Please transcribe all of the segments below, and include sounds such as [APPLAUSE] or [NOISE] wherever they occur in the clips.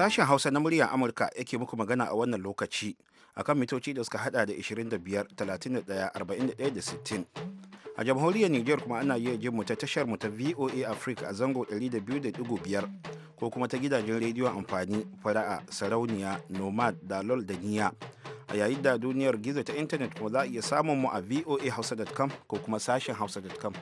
Sashen Hausa na muryar Amurka yake muku magana a wannan lokaci akan mitoci da suka hada da 25, 31, 41 da 60. A jamhuriyar Nijar kuma ana iya jin mu ta tashar mu ta VOA Africa a zango 200.5 ko kuma ta gidajen rediyo amfani fara'a sarauniya nomad dalol da niya a yayin da duniyar gizo ta intanet kuma za a iya samun mu a hausa.com ko kuma sashen hausa.com.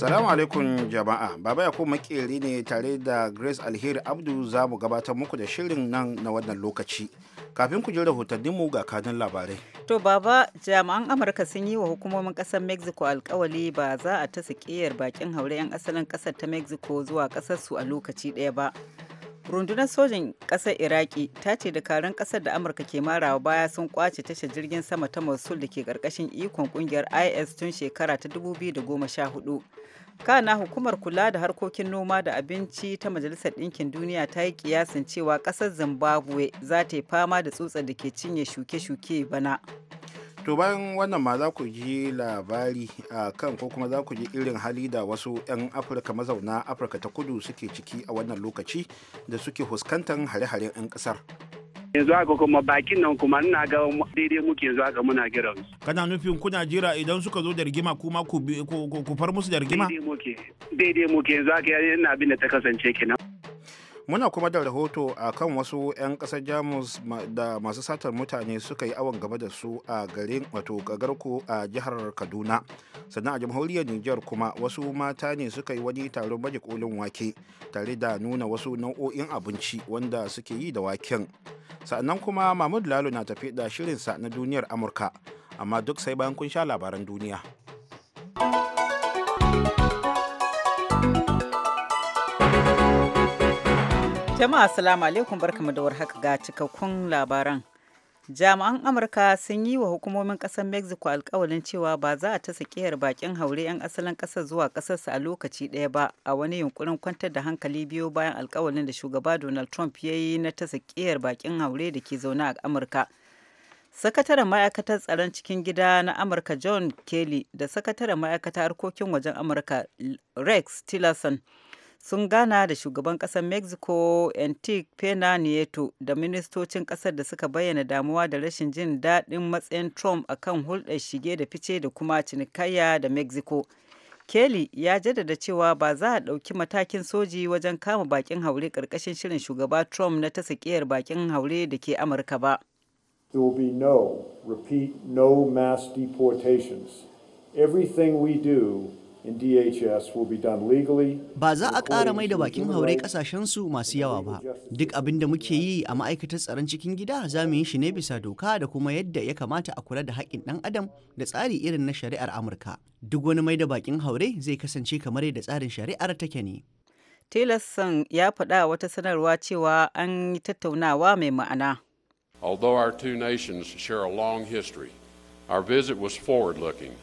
Assalamu alaikum jama'a. Baba Yakubu makeri ne tare da Grace Alheri Abdu za mu gabatar muku da shirin nan na wannan lokaci. Kafin ku ji mu ga kanun labarai. To baba jami'an Amurka sun yi wa hukumomin ƙasar Mexico alkawali ba za a tasa ƙeyar bakin haure 'yan asalin ƙasar ta Mexico zuwa ƙasarsu a lokaci ɗaya ba. rundunar sojin ƙasar iraki ta ce dakarun ƙasar da amurka ke marawa baya sun kwace tashar jirgin sama ta mosul da ke ƙarƙashin ikon ƙungiyar is tun shekara ta 2014 kana hukumar kula da harkokin noma da abinci ta majalisar ɗinkin duniya ta yi kiyasin cewa ƙasar zimbabwe za ta yi fama da tsutsar da ke cinye shuke-shuke bana to bayan wannan ma za ku ji labari a kan ko kuma za ku ji irin hali da wasu 'yan afirka mazauna afirka ta kudu suke ciki a wannan lokaci da suke fuskantar hare-haren 'yan kasar yanzu haka kuma bakin nan kuma ina ga daidai muke yanzu haka muna jiran kana nufin kuna jira idan suka zo da rigima kuma ku far musu da rigima daidai muke daidai muke yanzu haka yana abin da ta kasance kenan muna kuma da rahoto a kan wasu 'yan kasar jamus da masu satar mutane suka yi awon gaba da su a garin wato gagarku a jihar kaduna sannan a jamhuriyar niger kuma wasu mata ne suka yi wani taron baje kolin wake tare da nuna wasu nau'o'in abinci wanda suke yi da waken sannan kuma mahmud lalo na tafi da shirinsa na duniyar amurka amma duk sai bayan kun sha labaran duniya Jama'a salamu alaikum barkamu da warhaka ga cikakkun labaran. Jami'an Amurka sun yi wa hukumomin ƙasar Mexico alkawalin cewa ba za a ta sakiyar bakin haure 'yan asalin ƙasar zuwa ƙasarsa a lokaci ɗaya ba a wani yunkurin kwantar da hankali biyu bayan alkawalin da shugaba Donald Trump ya yi na ta sakiyar bakin haure da ke zaune a Amurka. sakataren ma'aikatar tsaron cikin gida na amurka john kelly da sakataren ma'aikatar harkokin wajen amurka rex tillerson sun gana da shugaban kasar mexico enrique pena nieto da ministocin ƙasar da suka bayyana damuwa da rashin jin daɗin matsayin trump akan hulɗar shige da fice da kuma cinikayya da mexico kelly ya jaddada cewa ba za a ɗauki matakin soji wajen kama bakin haure ƙarƙashin shirin shugaba trump na ta sakiyar bakin haure da ke amurka ba There will be no, repeat, no mass deportations. Everything we do Ba za a ƙara mai da bakin haure su masu yawa ba. Duk abin da muke yi a ma'aikatar tsaron cikin gida za mu yi shi ne bisa doka da kuma yadda ya kamata a kula da haƙƙin ɗan adam da tsari irin na shari'ar Amurka. Duk wani mai da bakin haure zai kasance kamar yadda tsarin shari'ar take ne. Tillerson ya faɗa wata sanarwa cewa an yi tattaunawa mai ma'ana. Although our two nations share a long history, our visit was forward-looking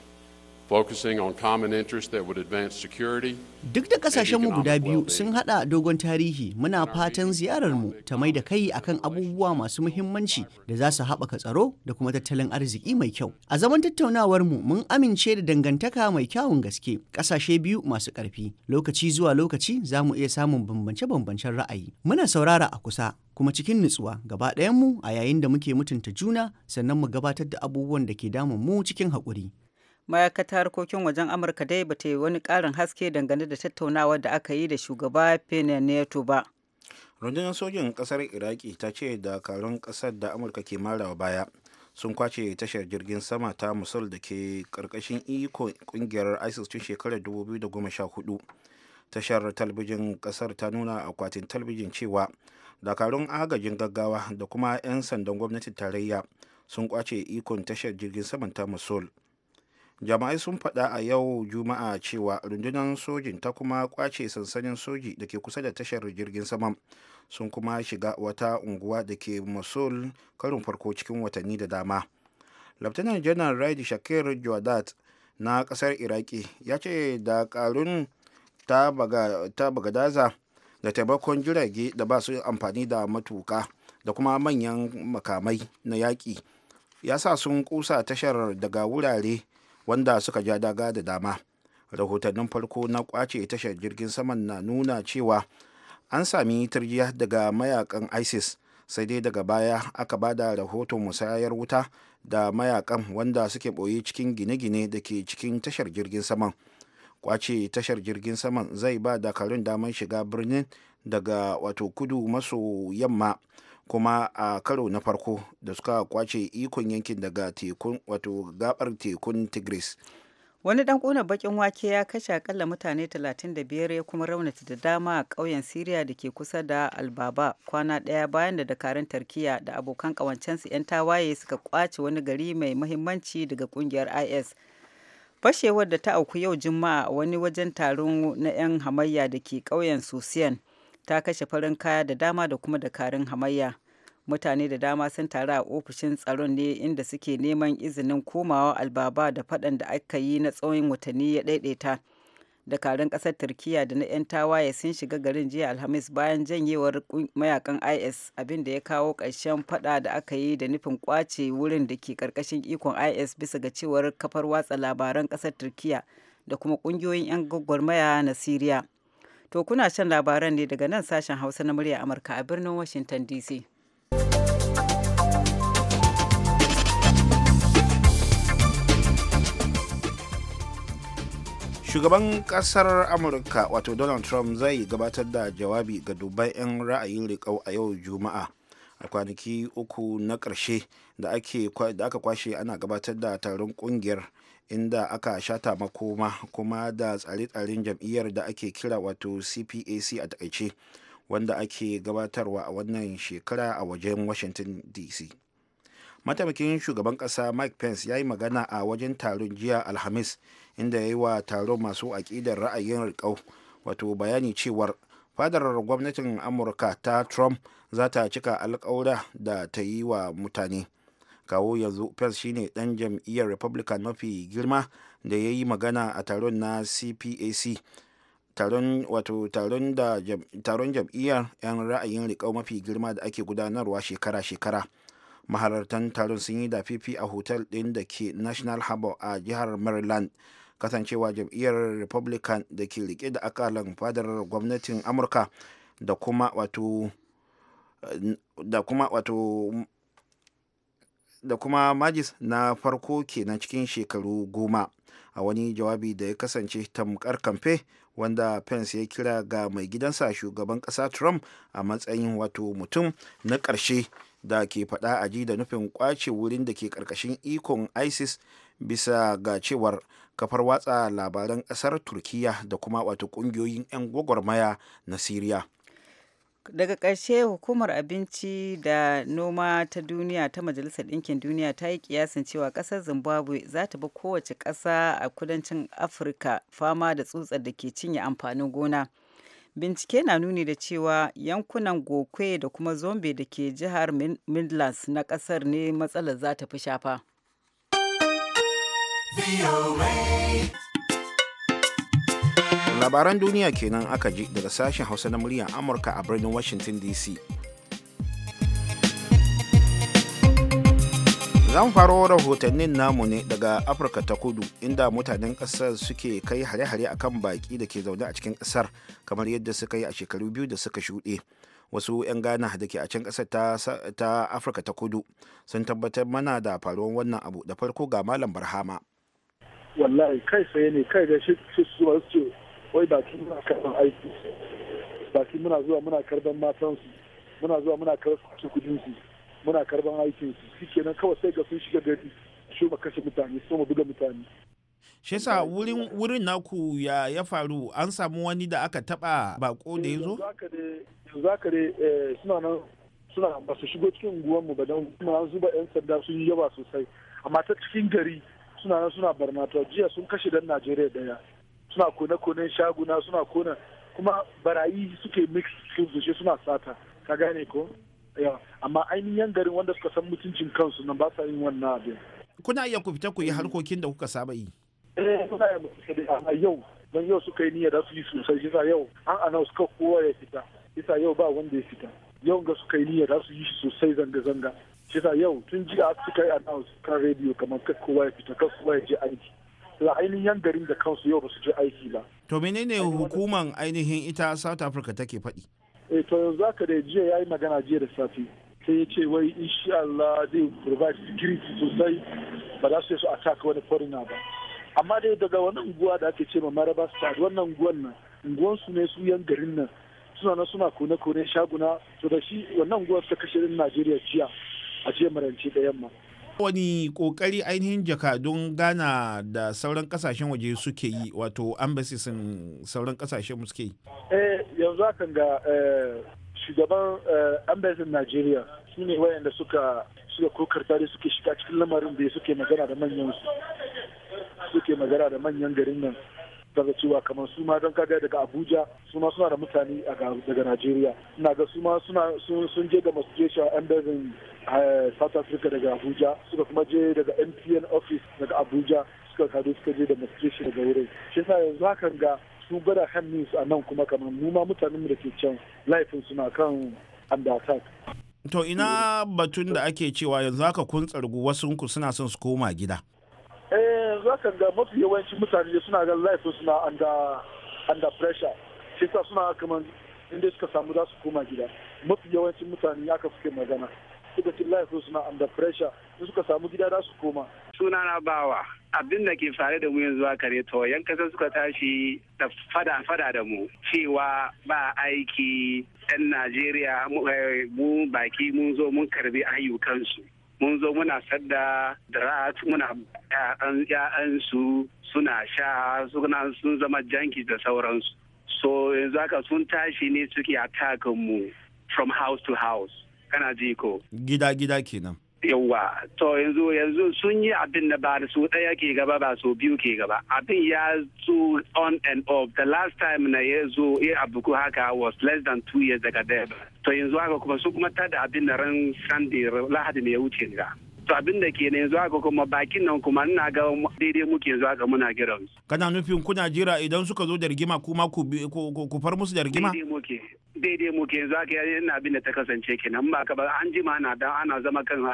focusing on common interests that would advance security. Duk da mu guda biyu sun hada dogon tarihi muna fatan ziyarar mu ta mai da kai akan abubuwa masu muhimmanci da za su haɓaka tsaro da kuma tattalin arziki mai kyau. A zaman mu mun amince da dangantaka mai kyawun gaske kasashe biyu masu ƙarfi lokaci zuwa lokaci za mu iya samun bambance-bambancen ra'ayi. Muna saurara a kusa kuma cikin nutsuwa gaba ɗayan mu a yayin da muke mutunta juna sannan mu gabatar da abubuwan da ke damun mu cikin haƙuri. ma'aikatar harkokin wajen amurka dai ba ta yi wani karin haske dangane da tattaunawa da aka yi da shugaba pena ba rundunar sojin kasar iraki ta ce dakarun kasar da amurka ke marawa baya sun kwace tashar jirgin sama ta musul da ke karkashin iko kungiyar isis tun shekarar 2014 tashar talbijin kasar ta nuna akwatin talbijin cewa dakarun agajin gaggawa da kuma 'yan sandan gwamnatin tarayya sun kwace ikon tashar jirgin saman ta musul jama'ai sun faɗa a yau juma'a cewa rundunar sojin ta kuma kwace sansanin soji da ke kusa da tashar jirgin saman sun kuma shiga wata unguwa da ke mosul karin farko cikin watanni da dama laftanan janar raid shakir jordat na kasar iraki ya ce karun ta bagadaza da taimakon jirage da ba su amfani da matuka da kuma manyan makamai na yaƙi ya sa sun kusa tashar daga wurare wanda suka ja daga da dama rahotannin farko na kwace tashar jirgin saman na nuna cewa an sami turjiya daga mayakan isis sai dai daga baya aka ba da rahoton musayar wuta da mayakan wanda suke ɓoye cikin gine-gine da ke cikin tashar jirgin saman kwace tashar jirgin saman zai ba da karin damar shiga birnin daga wato kudu maso yamma kuma a karo na farko da suka kwace ikon yankin daga tekun wato gabar tekun tigris wani dan kona bakin wake ya kashe akalla mutane 35 ya kuma raunata da dama a ƙauyen syria da ke kusa da albaba kwana ɗaya bayan da dakarun tarkiya da abokan ƙawancensu 'yan tawaye suka kwace wani gari mai mahimmanci daga ƙungiyar is fashewar da ta auku yau juma'a wani wajen taron na 'yan hamayya da ke ƙauyen susiyan ta kashe farin kaya da dama da kuma dakarun hamayya mutane da dama sun taru a ofishin tsaron ne inda suke neman izinin komawa albaba da faɗan da aka yi na tsawon watanni ya ɗaiɗaita dakarun ƙasar turkiyya da na 'yan tawaye sun shiga garin jiya alhamis bayan janyewar mayakan is abin da ya kawo ƙarshen faɗa da aka yi da nufin kwace wurin da ke ƙarƙashin ikon is bisa ga cewar kafar watsa labaran ƙasar turkiyya da kuma ƙungiyoyin 'yan gwagwarmaya na siriya To kuna shan labaran ne daga nan sashen Hausa na murya Amurka a birnin Washington DC. Shugaban kasar Amurka wato Donald Trump zai gabatar da jawabi ga dubban 'yan ra'ayin riƙau a yau Juma'a. a kwanaki uku na ƙarshe da aka kwashe ana gabatar da taron ƙungiyar inda aka shata makoma kuma da tsare-tsaren jam'iyyar da ake kira wato cpac a takaice wanda ake gabatarwa a wannan shekara a wajen washington dc mataimakin shugaban kasa mike pence ya yi magana a wajen taron jiya alhamis inda ya yi wa taron masu aƙidar ra'ayin rikau wato bayani cewar fadar gwamnatin amurka ta trump za ta cika alƙawura da ta yi wa mutane kawo yanzu pence shine dan jam'iyyar republican mafi girma da ya yi magana a taron na cpac taron jam'iyyar 'yan ra'ayin riƙau mafi girma da ake gudanarwa shekara-shekara mahalartan taron sun yi dafifi a hotel ɗin da ke national harbor a jihar maryland kasancewa jam'iyyar republican da ke rike da akalan fadar gwamnatin amurka da kuma da kuma wato da kuma majis na farko kenan cikin shekaru goma a wani jawabi da ya kasance tamkar kamfe wanda pence ya kira ga mai gidansa shugaban kasa trump a matsayin wato mutum na ƙarshe da ke faɗa a ji da nufin kwace wurin da ke ƙarƙashin ikon isis bisa ga cewar kafar watsa labaran ƙasar turkiya da kuma wato ƙungiyoyin 'yan gwagwarmaya na syria daga ƙarshe hukumar abinci da noma ta duniya ta majalisar ɗinkin duniya ta yi kiyasin cewa ƙasar zimbabwe za ta bi kowace ƙasa a kudancin afirka fama da tsutsar da ke cinye amfanin gona bincike na nuni da cewa yankunan gokwe da kuma zombe da ke jihar midlands na ƙasar ne matsalar za ta fi shafa labaran duniya kenan aka ji daga sashen hausa na muryar amurka a birnin washington dc zan faro rahotannin namu ne daga afirka ta kudu inda mutanen kasar suke kai hare-hare akan baki da ke zaune a cikin kasar kamar yadda suka yi a shekaru biyu da suka shuɗe wasu 'yan ghana da ke a can ƙasar ta afirka ta kudu sun tabbatar mana da faruwan wannan abu da farko ga malam barhama wallahi kai sai ne kai da shi su akwai baki muna karban aiki baki muna zuwa muna karban matansu muna zuwa muna karban kudinsu muna karban aikinsu nan kawai sai ga sun shiga gari su ba kashe mutane su ma buga mutane shi wurin wurin naku ya ya faru an samu wani da aka taba bako da ya zo yanzu haka dai eh, suna nan suna ba su shigo cikin unguwar mu ba don kuma zuba yan sanda sun yi yawa sosai amma ta cikin gari suna nan suna barnata jiya sun kashe dan Najeriya daya suna kone-konen shaguna suna kona kuma barayi suke mix skills shi suna sata ka gane ko amma ainihin garin wanda suka san mutuncin kansu nan ba sa yin wannan abin kuna iya ku fita ku yi harkokin da kuka saba yi eh kuna iya mu fita amma yau don yau suka yi niyyar su yi sosai shi yau an announce ka kowa ya fita isa yau ba wanda ya fita yau ga suka yi niyyar su yi sosai zanga-zanga shi yau tun jiya suka yi announce kan radio kamar kowa ya fita kan kowa ya je aiki da ainihin garin da kansu yau ba su je aiki ba. To menene hukuman ainihin ita South Africa take faɗi? Eh to yanzu haka da jiya ya yi magana jiya da safe. Sai ya ce wai insha Allah zai provide security sosai ba za su yi su attack wani foreigner ba. Amma dai daga wani unguwa da ake ce ma Maraba Stad wannan unguwan nan unguwansu ne su yan garin nan suna na suna kone-kone shaguna to da shi wannan unguwar ta kashe Najeriya jiya a jiya marance da yamma. wani kokari ainihin jakadun ghana da sauran kasashen waje suke yi wato ambassadors sauran kasashen suke yi eh yanzu hakan ga eh, shugaban ambassador eh, nigeria su ne wayanda suka suka kokar da suke shiga cikin lamarin da suke magana da manyan suke magana da manyan garin nan daga cewa kamar su ma don kada daga abuja su ma suna da mutane daga najeriya na ga su ma sun je da masu embassy eh, south africa daga abuja suka kuma je daga mtn office daga abuja suka kado suka je da masu daga wurin shi sa yanzu hakan ga su gwada hannun su a nan kuma kamar mu ma mutanen da ke can laifin suna kan under attack to ina batun da ake cewa yanzu haka kun tsargu wasu suna son su koma gida kan ga mafi yawanci mutane suna ga life suna under pressure shi sa suna kaman inda suka samu za su koma gida mafi yawancin mutane aka suke magana suka ci life suna under pressure in suka samu gida za su koma suna na bawa abin da ke faru da mu yanzu a kare to yan kasa suka tashi da fada fada da mu cewa ba aiki yan najeriya mu eh, baki mun zo mun karbi ayyukansu mun zo muna sadda drat muna ‘ya'yansu suna sha suna sun zama janki da sauransu so yanzu haka sun tashi ne suke atakan mu from house to house kana ji ko gida gida kenan yauwa to yanzu yanzu sun yi abin da ba su ɗaya ke gaba ba su biyu ke gaba abin ya zo on and off the last time na ya zo ya abuku haka was less than two years daga daya to yanzu haka kuma su kuma tada abin da ran sunday lahadi ne ya wuce ga to abin da ke ne yanzu haka kuma bakin nan kuma ina ga daidai muke yanzu haka muna giran kana nufin kuna jira idan suka zo da rigima kuma ku far musu da rigima daidai mu ke yi yana abin da ta kasance kenan ba ka ba an jima ana dan ana zama kan ah,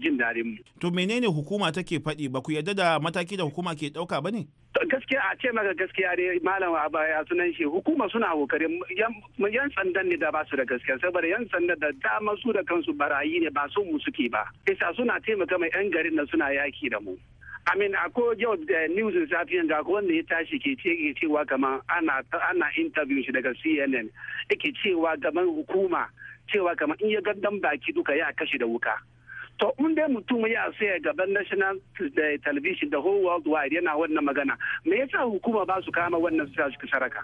jin daɗin mu. To menene hukuma take faɗi ba ku yarda da mataki da hukuma ke ɗauka ba ne? Gaskiya a ce maka gaskiya dai malam baya sunan shi hukuma suna kokari yan sandan ne da ba su da gaskiya saboda yan sandan da dama su da kansu barayi ne ba su mu suke ba. Isa suna taimaka mai yan garin da suna yaki da mu. I mean, ko yau eh, da news safiyan da ko wanda ya tashi ke ce ke cewa kaman ana ana interview shi daga CNN yake cewa gaban hukuma cewa kaman in ya gaddan baki duka ya kashe da wuka. To in dai mutum ya sai gaban national eh, television da whole world wide yana wannan magana me yasa hukuma ba su kama wannan su saraka?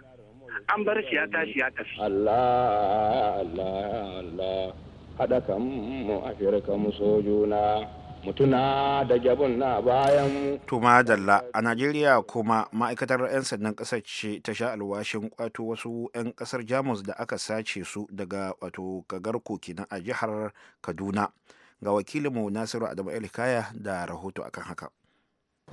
An bar shi ya tashi ya tafi. Allah Allah Allah haɗa kan mu afirka mu so juna. mutuna da gyabun na bayan tuma dalla a najeriya kuma ma'aikatar 'yan sandan kasar ce ta sha alwashin kwato wasu 'yan kasar jamus da aka sace su daga wato kagar na a jihar kaduna ga wakilinmu nasiru adamu el kaya da rahoto akan haka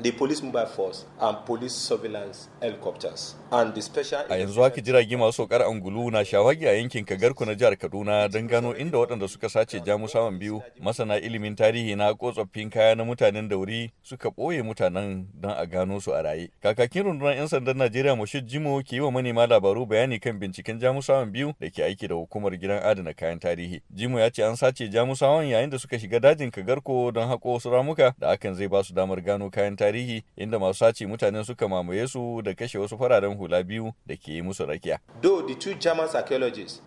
The police mobile force and police surveillance helicopters and the special A yanzu haka jirage masu saukar angulu na shawagi a yankin Kagarku na jihar Kaduna don gano inda waɗanda suka sace jamusawan biyu masana ilimin tarihi na kotsoffin kaya na mutanen dauri suka ɓoye mutanen don a gano su a raye. Kakakin rundunar 'yan sandan Najeriya Moshid Jimo ke yi wa manema labaru bayani kan binciken jamusawan biyu da ke aiki da hukumar gidan adana kayan tarihi. Jimo ya ce an sace jamusawan yayin da suka shiga dajin Kagarko don haƙo wasu ramuka da hakan zai ba su damar gano kayan tarihi inda masu sace mutanen suka mamaye su da kashe wasu fararen hula biyu da ke yi musu rakiya.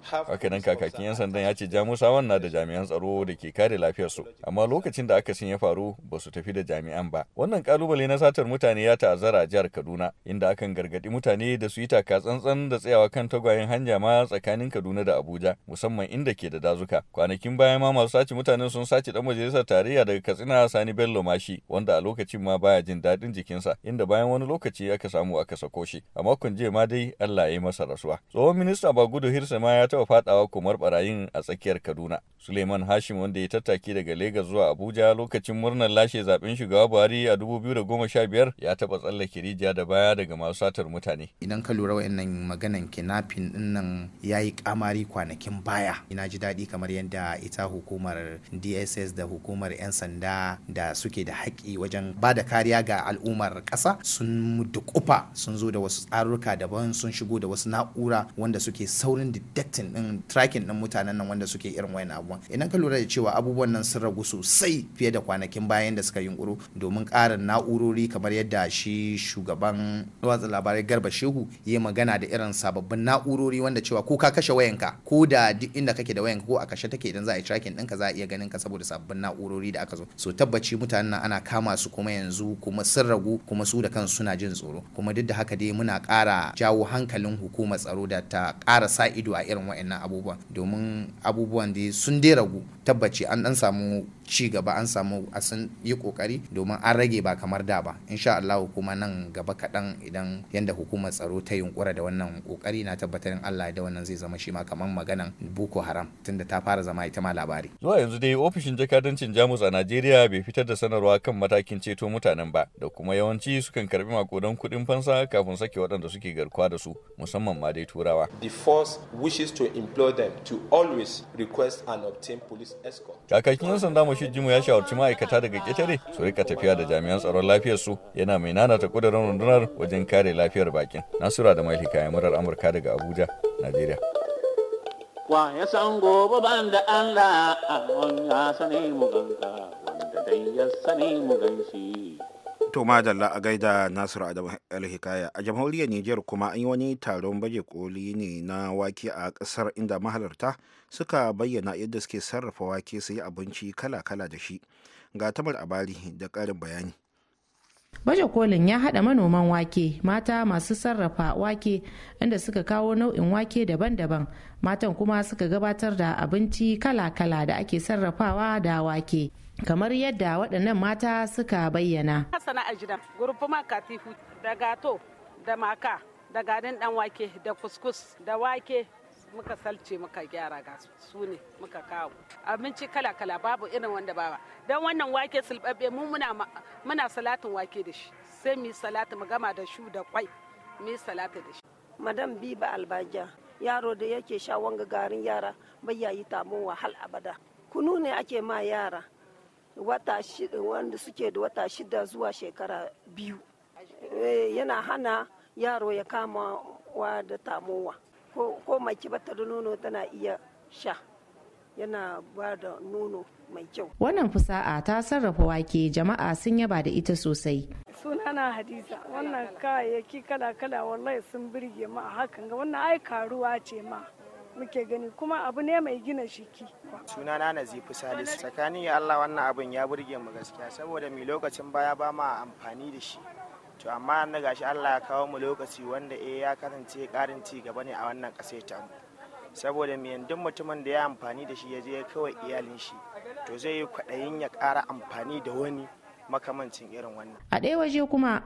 Haka nan kakakin 'yan sandan ya ce jamusawan na da jami'an tsaro da ke kare lafiyar su amma lokacin da sun ya faru ba su tafi da jami'an ba. Wannan kalubale na satar mutane ya ta'azzara a jihar Kaduna, inda akan gargaɗi mutane da su yi taka tsantsan da tsayawa kan tagwayen hanya ma tsakanin Kaduna da Abuja, musamman inda ke da dazuka. Kwanakin baya ma masu sace mutanen sun sace dan majalisar tarayya daga Katsina Sani Bello Mashi, wanda a lokacin ma baya jin daɗin jikinsa inda bayan wani lokaci aka samu aka sako shi a makon jiya ma dai Allah ya yi masa rasuwa tsohon minista Bagudu Hirsa ma ya taɓa faɗawa kumar barayin a tsakiyar Kaduna Suleiman Hashim wanda ya tattaki daga Legas zuwa Abuja lokacin murnar lashe zaben shugaba Buhari a 2015 ya taɓa tsallake rijiya da baya daga masu satar mutane idan ka lura wayannan maganan kinafin ɗinnan nan yi kamari kwanakin baya ina ji daɗi kamar yadda ita hukumar DSS da hukumar 'yan sanda da suke da haƙƙi wajen ba da kariya kariya ga al'ummar ƙasa sun dukufa sun zo da wasu tsarurruka daban sun shigo da wasu na'ura wanda suke saurin detecting din tracking din mutanen nan wanda suke irin wayan abubuwan idan ka lura da cewa abubuwan nan sun ragu sosai fiye da kwanakin bayan da suka yunkuru domin ƙarin na'urori kamar yadda shi shugaban watsa labarai garba shehu ya magana da irin sababbin na'urori wanda cewa ko ka kashe wayanka ko da duk inda kake da wayanka ko a kashe take idan za a yi tracking ɗinka za a iya ganin ka saboda sababbin na'urori da aka zo so tabbaci mutanen nan ana kama su kuma yanzu kuma sun ragu kuma su da kansu suna jin tsoro kuma duk da haka dai muna kara jawo hankalin hukumar tsaro da ta kara sa ido a irin waɗannan abubuwan domin abubuwan da sun dai ragu tabbaci an dan samu ci gaba an samu a sun yi kokari domin an rage ba kamar da ba insha Allah kuma nan gaba kaɗan idan yanda hukumar tsaro ta yunkura da wannan kokari na tabbatar Allah da wannan zai zama shi ma kamar maganan Boko Haram tunda ta fara zama ita ma labari zuwa yanzu dai ofishin jakadancin Jamus a Najeriya bai fitar da sanarwa kan matakin ceto mutanen ba ba da kuma yawanci sukan karbi makudan kudin fansa kafin sake waɗanda suke garkuwa da su musamman ma dai turawa. The force wishes to employ them to always request and obtain police escort. Kakakin yan sanda Moshi Jimu ya shawarci ma'aikata daga ƙetare su rika tafiya da jami'an tsaron lafiyar su yana mai nanata kudurin rundunar wajen kare lafiyar bakin. Nasura da mai ya murar Amurka daga Abuja, Najeriya. Wa ya san gobe ban da Allah, ya sani mu ganka wanda dai ya sani mu ganshi. to madalla a gaida nasiru adamu alhikaya a jamhuriyar nijar kuma an yi wani taron baje koli ne na wake a kasar inda mahalarta suka bayyana yadda suke sarrafa wake su yi abinci kala-kala da shi ga tamar abari da karin bayani baje kolin ya haɗa manoman wake mata masu sarrafa wake inda suka kawo nau'in wake daban-daban matan kuma suka gabatar da abinci kala-kala da ake sarrafawa da wake kamar yadda waɗannan mata suka bayyana. sana'a gidan gurfuma katifu da gato da maka da garin dan wake da kuskus da wake muka salce muka gyara ga su ne muka kawo abinci kala-kala babu irin wanda baba don wannan wake sulɓaɓɓe mu muna salatin wake da shi sai mu mu gama da shu da kwai mu salati da shi madam biba albajiya, yaro da yake sha wanga garin yara bai yayi tamun wahal abada kunu ne ake ma yara wata wanda suke da wata shida zuwa shekara biyu eh, yana hana yaro ya kama wa da tamowa ko mai kibata da nono tana iya sha yana ba da nono mai kyau wannan fusa'a ta sarrafa wake jama'a sun yaba da ita sosai sunana hadiza wannan kayayyaki kala-kala wallahi sun birge ma hakan ga wannan ai ce ma muke gani kuma abu ne mai gina suna sunana nazifu salis tsakanin ya allah wannan abin ya burge mu gaskiya saboda mai lokacin baya ba ma amfani da shi to amma na gashi allah ya kawo mu lokaci wanda eh ya kasance karin ci gaba ne a wannan kasa ta mu saboda mi yandun mutumin da ya amfani da shi ya je kawai iyalin shi to zai yi kwaɗayin ya ƙara amfani da wani makamancin irin wannan a ɗaya waje kuma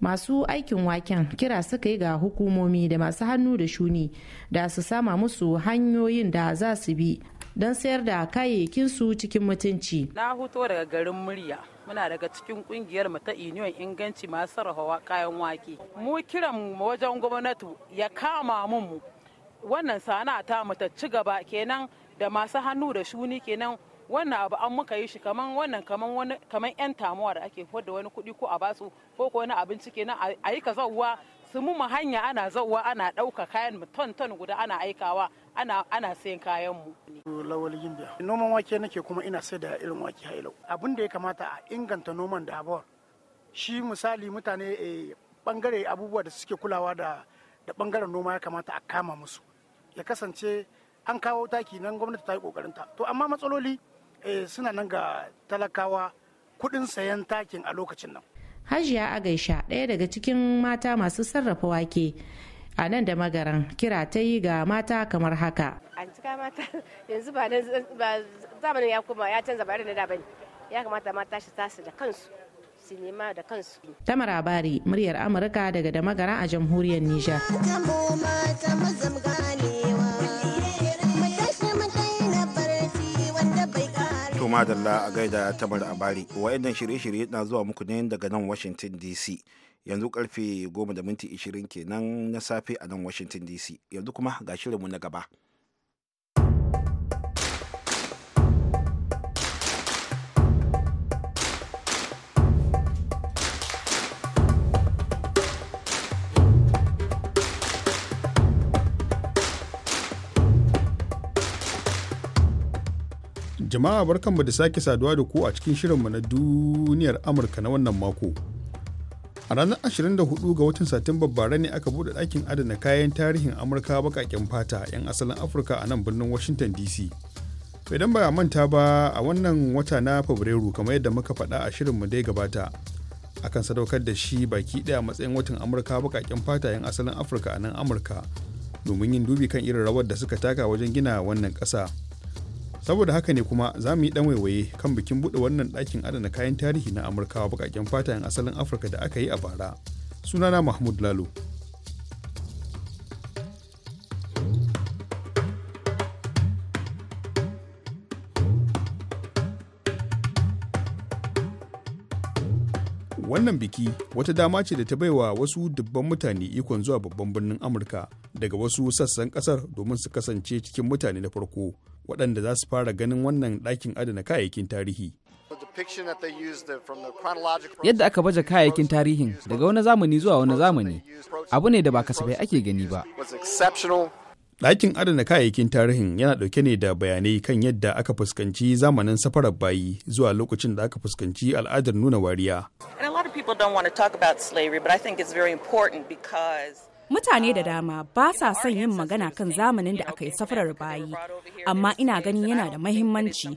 masu aikin waken kira suka yi ga hukumomi da masu hannu da shuni da su sama musu hanyoyin da za su bi don sayar da kayayyakin su cikin mutunci. Na huto daga garin murya. Muna daga cikin kungiyar mu ta Union Inganci masu sarrafa kayan wake. Mu kiran mu wajen gwamnati ya kama mun mu. Wannan sana ta mu ta ci gaba kenan da masu hannu da shuni kenan wannan abu an muka yi shi kaman wannan kaman wani kaman yan tamuwa da ake fodda wani kuɗi ko a basu ko ko wani abinci kenan a yi ka zauwa su mu hanya ana zauwa ana ɗauka kayan mu ton ton guda ana aikawa ana ana sayan kayan mu. Lawal Gimbiya. Noman wake nake kuma ina sai da irin wake hailau. Abin da ya kamata a inganta noman da abawar. Shi misali mutane bangare eh, abubuwa da suke kulawa da da bangaren noma ya kamata a kama musu. Ya kasance an kawo taki nan gwamnati ta yi kokarinta. To amma matsaloli Eh, suna nan ga talakawa kuɗin sayan takin a lokacin nan. Hajiya Agaisha ɗaya daga cikin mata masu sarrafa wake a nan da magaran kira ta yi ga mata kamar haka. An cika mata [LAUGHS] yanzu ba zamanin ya koma ya canza ba da da bane ya kamata mata shi tasu da kansu su nema da kansu. Tamar Abari muryar Amurka daga damagara a jamhuriyar Nijar. madalla a gaida tamar abari wayannan shirye-shirye na zuwa muku ne daga nan washington dc yanzu karfe 10 da minti 20 kenan na safe a nan washington dc yanzu kuma ga shirinmu na gaba Jama'a barkanmu da sake saduwa da ku a cikin shirin mu na duniyar Amurka na wannan mako. A ranar 24 ga watan Satumba bara ne aka buɗe ɗakin adana kayan tarihin Amurka baƙaƙen fata 'yan asalin Afirka a nan birnin Washington DC. Idan ba manta ba a wannan wata na Fabrairu kamar yadda muka faɗa a mu dai gabata. Akan sadaukar da shi baki ɗaya matsayin watan Amurka bakaƙen fata 'yan asalin Afirka a nan Amurka domin yin dubi kan irin rawar da suka taka wajen gina wannan ƙasa. saboda haka ne kuma za mu yi dan waiwaye kan bikin buɗe wannan ɗakin adana kayan tarihi na amurkawa baƙaƙen fata 'yan asalin afirka da aka yi a bara sunana mahmud lalo wannan biki wata dama ce da ta baiwa wasu dubban mutane ikon zuwa babban birnin amurka daga wasu sassan kasar domin su kasance cikin mutane na farko waɗanda za su fara ganin wannan ɗakin adana kayayyakin tarihi. Yadda aka baje kayayyakin tarihin daga wani zamani zuwa wani zamani abu ne da ba kasafai ake gani ba. Ɗakin adana kayayyakin tarihin yana ɗauke ne da bayanai kan yadda aka fuskanci zamanin safarar bayi zuwa lokacin da aka fuskanci al'adar nuna wariya. Mutane da dama ba sa son yin magana kan zamanin da aka yi safarar bayi, amma ina ganin yana da mahimmanci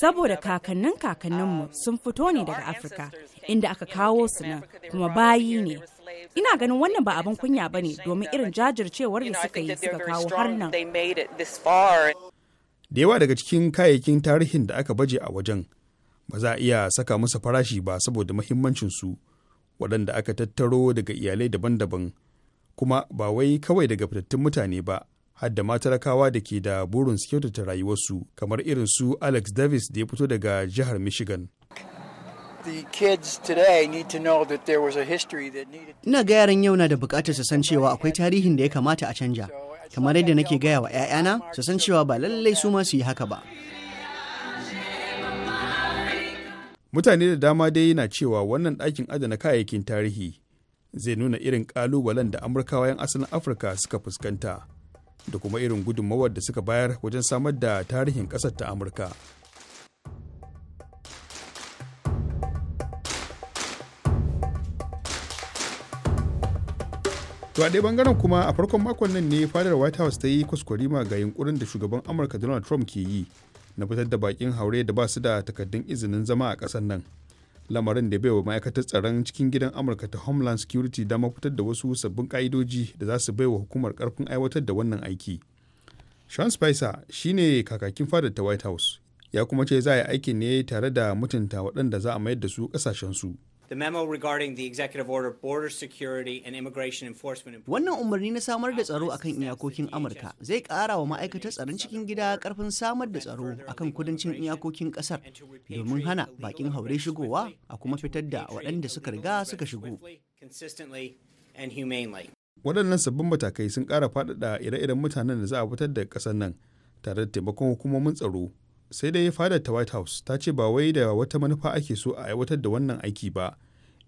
saboda kakannin kakanninmu sun fito ne daga Afirka inda aka kawo su nan kuma bayi ne. Ina ganin wannan ba abin kunya ba ne domin irin jajircewar da suka yi suka kawo har nan. Da yawa daga cikin kayayyakin tarihin da aka baje a wajen ba za a iya saka masa farashi ba saboda mahimmancinsu waɗanda aka tattaro daga iyalai daban-daban. kuma ba wai kawai daga fitattun mutane ba har da talakawa da ke da burin su kyautata rayuwarsu kamar irin su alex davis da ya fito daga jihar michigan ina ga yaran yau na da bukatar su san cewa akwai tarihin da ya kamata a canja kamar yadda nake gaya wa 'ya'yana su san cewa ba lallai su ma su yi haka ba mutane da dama dai na cewa wannan ɗakin adana kayayyakin tarihi zai nuna irin ƙalubalen da amurkawa 'yan asalin afirka suka fuskanta da kuma irin gudunmawar da suka bayar wajen samar da tarihin ƙasar ta amurka to a ɗaya bangaren kuma a farkon makon nan ne fadar white house ta yi kuskurima ga yunkurin da shugaban amurka donald trump ke yi na fitar da bakin haure da ba su da takaddun izinin zama a ƙasar nan lamarin da bai wa ma'aikatar tsaron cikin gidan amurka ta homeland security dama fitar da wasu sabbin ka'idoji da za su baiwa hukumar karfin aiwatar da wannan aiki sean spicer ne kakakin fadar ta white house ya kuma ce za a yi aikin ne tare da mutunta waɗanda za a mayar da su ƙasashensu. su the memo regarding the executive order border security and immigration enforcement. Wannan umarni na samar da tsaro akan iyakokin Amurka zai ƙara wa ma'aikatar tsaron cikin gida karfin samar da tsaro akan kudancin iyakokin ƙasar domin hana bakin haure shigowa a kuma fitar da waɗanda suka riga suka shigo. Waɗannan sabbin matakai sun ƙara faɗaɗa ire-iren mutanen da za a fitar da ƙasar nan tare da taimakon hukumomin tsaro sai dai fadar ta white house ta ce ba wai da wata manufa ake so a aiwatar da wannan aiki ba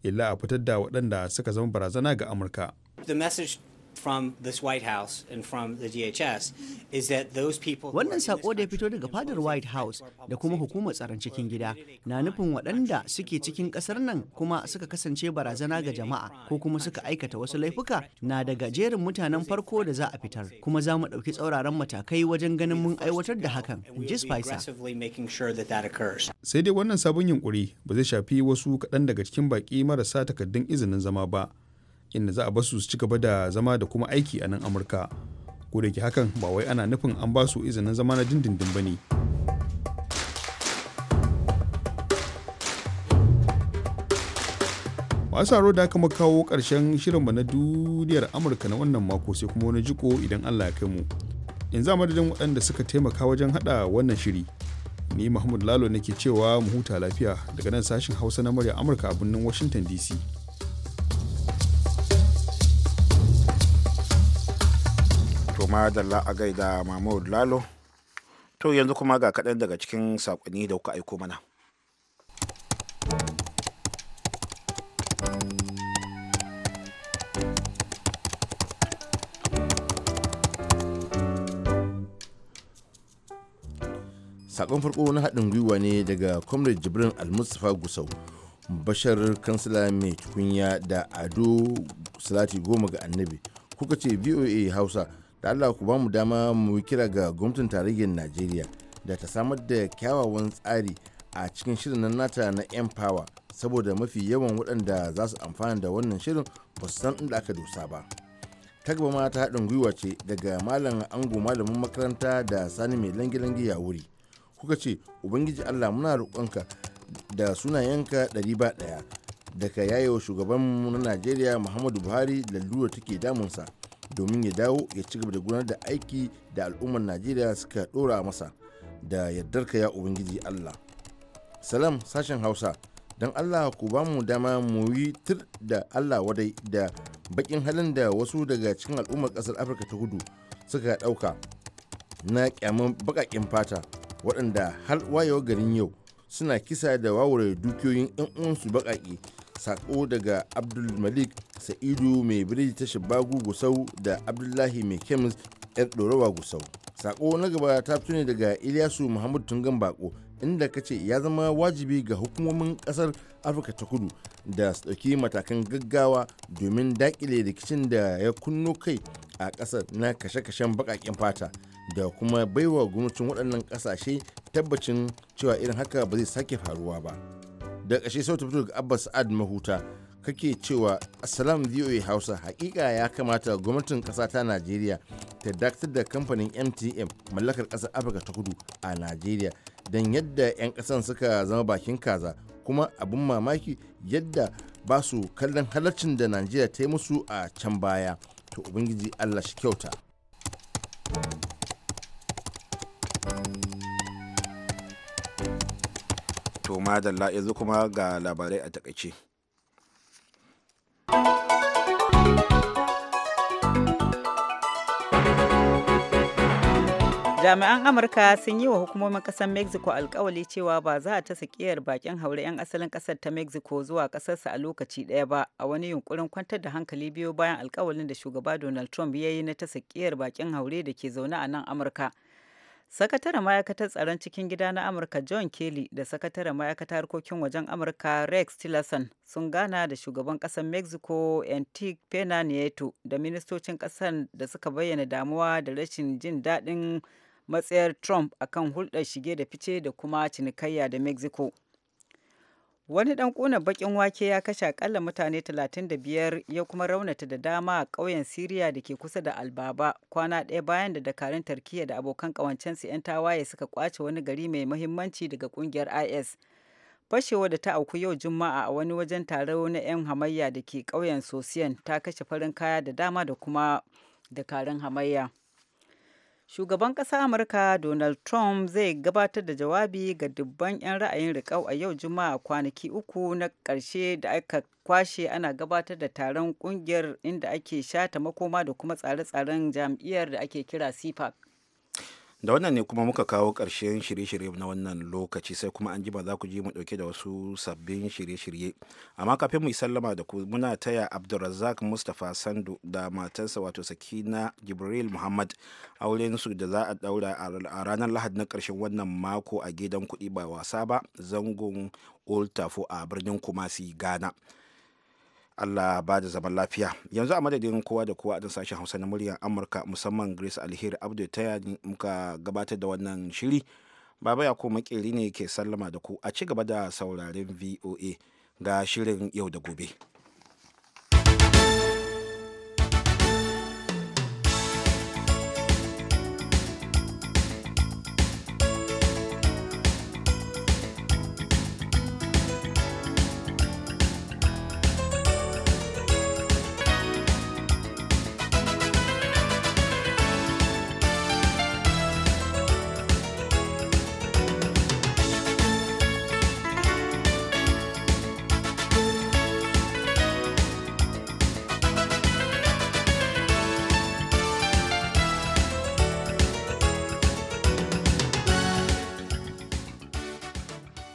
illa a fitar da waɗanda suka zama barazana ga amurka the message from this White House and from the DHS is that those people Wannan sako da ya fito daga fadar White House da kuma hukumar tsaron cikin gida na nufin waɗanda suke cikin ƙasar nan kuma suka kasance barazana ga jama'a ko kuma suka aikata wasu laifuka na daga jerin mutanen farko da za a fitar kuma za mu ɗauki tsauraran matakai wajen ganin mun aiwatar da hakan ji Spicer. Sai dai wannan sabon yunkuri ba zai shafi wasu kaɗan daga cikin baƙi marasa takardun izinin zama ba. inda za a basu su ci gaba da zama da kuma aiki a nan amurka ko da ke hakan ba wai ana nufin an ba su izinin zama na dindindin ba ne masu haro da kama kawo ƙarshen shirinmu na duniyar amurka na wannan mako sai kuma wani jiko idan allah ya kai mu yanzu a madadin waɗanda suka taimaka wajen haɗa wannan shiri ni mahmud lalo nake cewa mu huta lafiya daga nan sashin hausa na murya amurka a birnin washington dc kuma da a gaida mahmud lalo to yanzu kuma ga kaɗan daga cikin sakonni da kuka aiko mana sakon farko na haɗin gwiwa ne daga comrade jibrin almustapha gusau bashar kansila mai tukunya da ado salati goma ga annabi kuka ce voa hausa da allah ku ba mu dama mu kira ga gwamnatin tarayyar najeriya da ta samar da kyawawan tsari a cikin shirin nan nata na empower saboda mafi yawan waɗanda za su amfana da wannan shirin ba su san inda aka dosa ba ta ma ta haɗin gwiwa ce daga malam ango malamin makaranta da sani mai langi-langi ya wuri kuka ce ubangiji allah muna roƙonka da sunayenka ɗari ba ɗaya daga yayo shugabanmu na najeriya muhammadu buhari da lalura take damunsa domin ya dawo ya ci gaba da gudanar da aiki da al'ummar najeriya suka dora masa da yardar ya ubangiji allah salam sashen hausa don allah ku ba mu dama mu yi tir da allah wadai da bakin halin da wasu daga cikin al'ummar kasar afirka ta kudu suka dauka na kyamun bakakin fata waɗanda har wayewa garin yau suna kisa da wawurai dukiyoyin 'yan uwansu bakaki sako daga abdul malik sa'idu mai biriji ta shabagu gusau da abdullahi mai kemis yar ɗorawa gusau sako na gaba ta fito ne daga ilyasu muhammadu tungan bako inda ka ce ya zama wajibi ga hukumomin kasar afirka ta kudu da su ɗauki matakan gaggawa domin daƙile rikicin da ya kunno kai a ƙasar na kashe-kashen baƙaƙen fata da kuma baiwa gwamnatin waɗannan ƙasashe tabbacin cewa irin haka ba zai sake faruwa ba da ƙashe sau ta fito ga abbas sa'ad mahuta kake cewa Salam VOA Hausa hakika ya kamata gwamnatin ƙasa ta Najeriya ta dakatar da kamfanin MTM mallakar kasar Afirka ta Kudu a Najeriya don yadda 'yan kasan suka zama bakin kaza kuma abin mamaki yadda ba su kallon halarcin da Najeriya ta yi musu a can baya. To Ubangiji Allah shi kyauta. To madalla yanzu kuma ga labarai a takaice. jami'an amurka sun yi wa hukumomin kasar mexico alkawali cewa ba za a ta sakiyar bakin haure 'yan asalin kasar ta mexico zuwa kasarsa a lokaci daya ba a wani yunkurin kwantar da hankali biyu bayan alkawalin da shugaba donald trump ya yi na ta sakiyar bakin haure da ke zaune a nan amurka sakataren ma'aikatar tsaron cikin gida na amurka john kelly da sakataren ma'aikatar harkokin wajen amurka rex tillerson sun gana da shugaban kasar mexico antique pena nieto da ministocin kasar da suka bayyana damuwa da rashin jin daɗin matsayar Trump kan hulɗar shige da fice da kuma cinikayya da Mexico. Wani ɗan ƙuna baƙin wake ya kashe aƙalla mutane 35 ya kuma raunata da dama a ƙauyen Siriya da ke kusa da Albaba kwana ɗaya bayan da dakarun Tarkiyya da abokan ƙawancensu 'yan tawaye suka kwace wani gari mai muhimmanci daga ƙungiyar IS. Fashewa da ta auku yau Juma'a a wani wajen taro na 'yan hamayya da ke ƙauyen Sosiyan ta kashe farin kaya da dama da kuma dakarun hamayya. shugaban ƙasa amurka donald trump zai gabatar da jawabi ga dubban 'yan ra'ayin riƙau a yau juma'a kwanaki uku na ƙarshe da aka kwashe ana gabatar da taron ƙungiyar inda ake shata makoma da kuma tsare-tsaren jam'iyyar da ake kira cpac da wannan ne kuma muka kawo ƙarshen shirye-shirye na wannan lokaci sai kuma an jima za ku ji mu ɗauke da wasu sabbin shirye-shirye amma kafin mu yi sallama da ku muna taya abdulrazak mustapha sandu da matarsa wato sakina jibril muhammad auren su da za a ɗaura a ranar lahadi na ƙarshen wannan mako a gidan kuɗi ba wasa ba zangon old tafo a birnin kumasi ghana Allah ba da zaman lafiya yanzu a madadin kowa da kowa a sashen hausa na muryar amurka musamman grace alheri Abdul taya muka gabatar da wannan shiri baba ya kuma makeri ne ke sallama da ku a ci gaba da sauraren voa ga shirin yau da gobe.